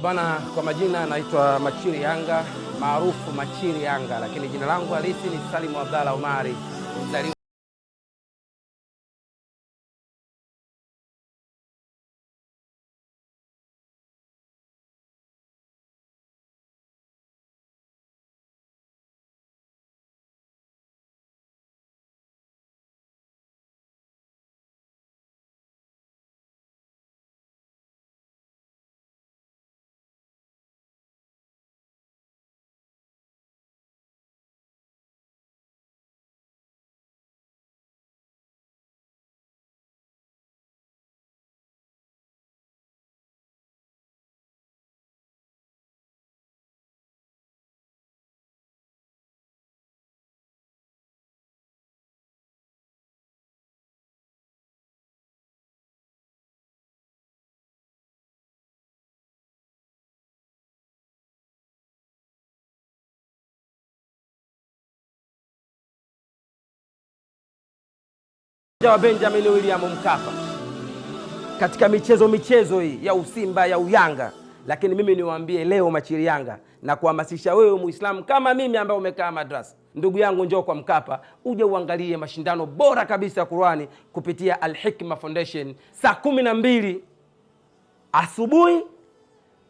Bwana, kwa majina naitwa Machiri Yanga maarufu Machiri Yanga, lakini jina langu halisi ni Salimu Abdalla Omari, wa Benjamin William Mkapa katika michezo michezo hii ya usimba ya uyanga, lakini mimi niwaambie leo machiri Yanga na kuhamasisha wewe Muislamu kama mimi ambaye umekaa madrasa, ndugu yangu, njoo kwa Mkapa uje uangalie mashindano bora kabisa ya Qur'ani kupitia Al Hikma Foundation saa kumi na mbili asubuhi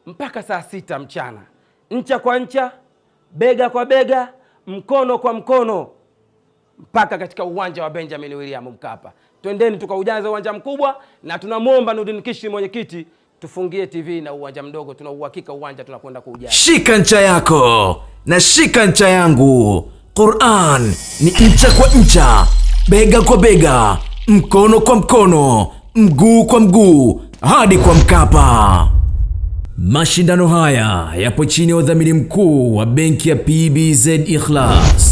mpaka saa sita mchana, ncha kwa ncha, bega kwa bega, mkono kwa mkono mpaka katika uwanja wa Benjamin William Mkapa. Twendeni tukaujaza uwanja mkubwa, na tunamwomba Nurdin Kishki, mwenyekiti, tufungie TV na uwanja mdogo. Tuna uhakika uwanja tunakwenda kuujaza. Shika ncha yako na shika ncha yangu. Qur'an ni ncha kwa ncha, bega kwa bega, mkono kwa mkono, mguu kwa mguu, hadi kwa Mkapa. Mashindano haya yapo chini ya udhamini mkuu wa benki ya PBZ Ikhlas.